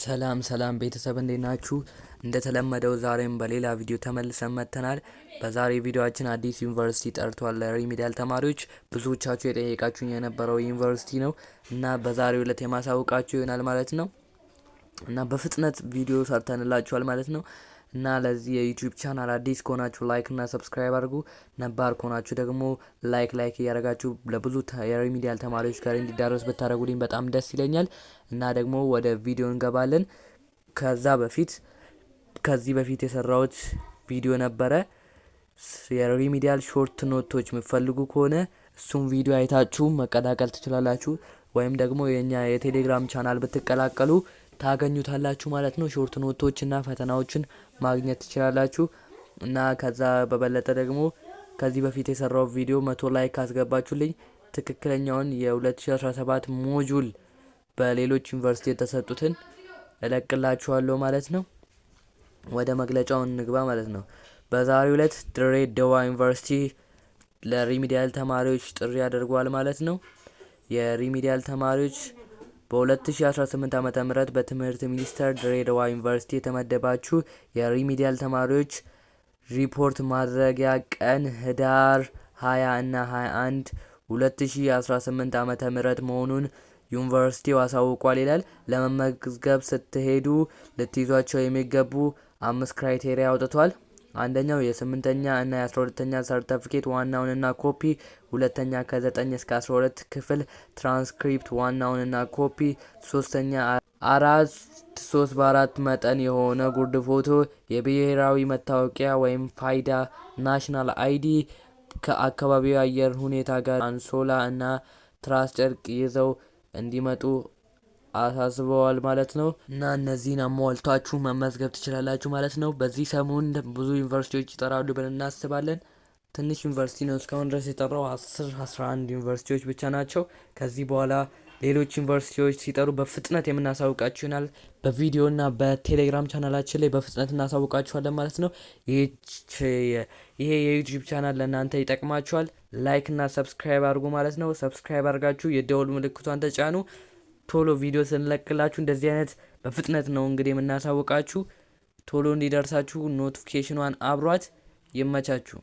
ሰላም ሰላም ቤተሰብ እንዴት ናችሁ? እንደተለመደው ዛሬም በሌላ ቪዲዮ ተመልሰን መጥተናል። በዛሬ ቪዲዮአችን አዲስ ዩኒቨርሲቲ ጠርቷል ለሪሚዲያል ተማሪዎች። ብዙዎቻችሁ የጠየቃችሁኝ የነበረው ዩኒቨርሲቲ ነው እና በዛሬው ዕለት የማሳውቃችሁ ይሆናል ማለት ነው እና በፍጥነት ቪዲዮ ሰርተንላችኋል ማለት ነው። እና ለዚህ የዩቲዩብ ቻናል አዲስ ከሆናችሁ ላይክ እና ሰብስክራይብ አድርጉ። ነባር ከሆናችሁ ደግሞ ላይክ ላይክ እያደረጋችሁ ለብዙ የሪሚዲያል ተማሪዎች ጋር እንዲዳረስ ብታደረጉልኝ በጣም ደስ ይለኛል። እና ደግሞ ወደ ቪዲዮ እንገባለን። ከዛ በፊት ከዚህ በፊት የሰራዎች ቪዲዮ ነበረ። የሪሚዲያል ሾርት ኖቶች የምትፈልጉ ከሆነ እሱም ቪዲዮ አይታችሁ መቀላቀል ትችላላችሁ። ወይም ደግሞ የኛ የቴሌግራም ቻናል ብትቀላቀሉ ታገኙታላችሁ ማለት ነው። ሾርት እና ፈተናዎችን ማግኘት ትችላላችሁ እና ከዛ በበለጠ ደግሞ ከዚህ በፊት የሰራው ቪዲዮ መቶ ላይክ አስገባችሁልኝ ትክክለኛውን የ2017 ሞጁል በሌሎች ዩኒቨርሲቲ የተሰጡትን እለቅላችኋለሁ ማለት ነው። ወደ መግለጫው እንግባ ማለት ነው። በዛሬው ዕለት ድሬዳዋ ዩኒቨርሲቲ ለሪሚዲያል ተማሪዎች ጥሪ አድርጓል ማለት ነው። የሪሚዲያል ተማሪዎች በ2018 ዓ.ም በትምህርት ሚኒስቴር ድሬዳዋ ዩኒቨርሲቲ የተመደባችሁ የሪሚዲያል ተማሪዎች ሪፖርት ማድረጊያ ቀን ህዳር 20 እና 21 2018 ዓ.ም መሆኑን ዩኒቨርሲቲው አሳውቋል ይላል። ለመመዝገብ ስትሄዱ ልትይዟቸው የሚገቡ አምስት ክራይቴሪያ አውጥቷል። አንደኛው የስምንተኛ እና የአስራ ሁለተኛ ሰርተፍኬት ዋናውንና ኮፒ፣ ሁለተኛ ከዘጠኝ እስከ አስራ ሁለት ክፍል ትራንስክሪፕት ዋናውንና ኮፒ፣ ሶስተኛ አራት ሶስት በአራት መጠን የሆነ ጉርድ ፎቶ፣ የብሔራዊ መታወቂያ ወይም ፋይዳ፣ ናሽናል አይዲ ከአካባቢው አየር ሁኔታ ጋር አንሶላ እና ትራስ ጨርቅ ይዘው እንዲመጡ አሳስበዋል ማለት ነው እና እነዚህን አሟልታችሁ መመዝገብ ትችላላችሁ ማለት ነው። በዚህ ሰሞን ብዙ ዩኒቨርሲቲዎች ይጠራሉ ብለን እናስባለን። ትንሽ ዩኒቨርሲቲ ነው እስካሁን ድረስ የጠራው አስር አስራ አንድ ዩኒቨርሲቲዎች ብቻ ናቸው። ከዚህ በኋላ ሌሎች ዩኒቨርሲቲዎች ሲጠሩ በፍጥነት የምናሳውቃችሁ ይሆናል። ና በቴሌግራም ቻናላችን ላይ በፍጥነት እናሳውቃችኋለን ማለት ነው። ይሄ የዩቲዩብ ቻናል ለእናንተ ይጠቅማችኋል። ላይክ እና ሰብስክራይብ አድርጉ ማለት ነው። ሰብስክራይብ አድርጋችሁ የደወል ምልክቷን ተጫኑ። ቶሎ ቪዲዮ ስንለቅላችሁ እንደዚህ አይነት በፍጥነት ነው እንግዲህ የምናሳውቃችሁ። ቶሎ እንዲደርሳችሁ ኖቲፊኬሽኗን አብሯት። ይመቻችሁ።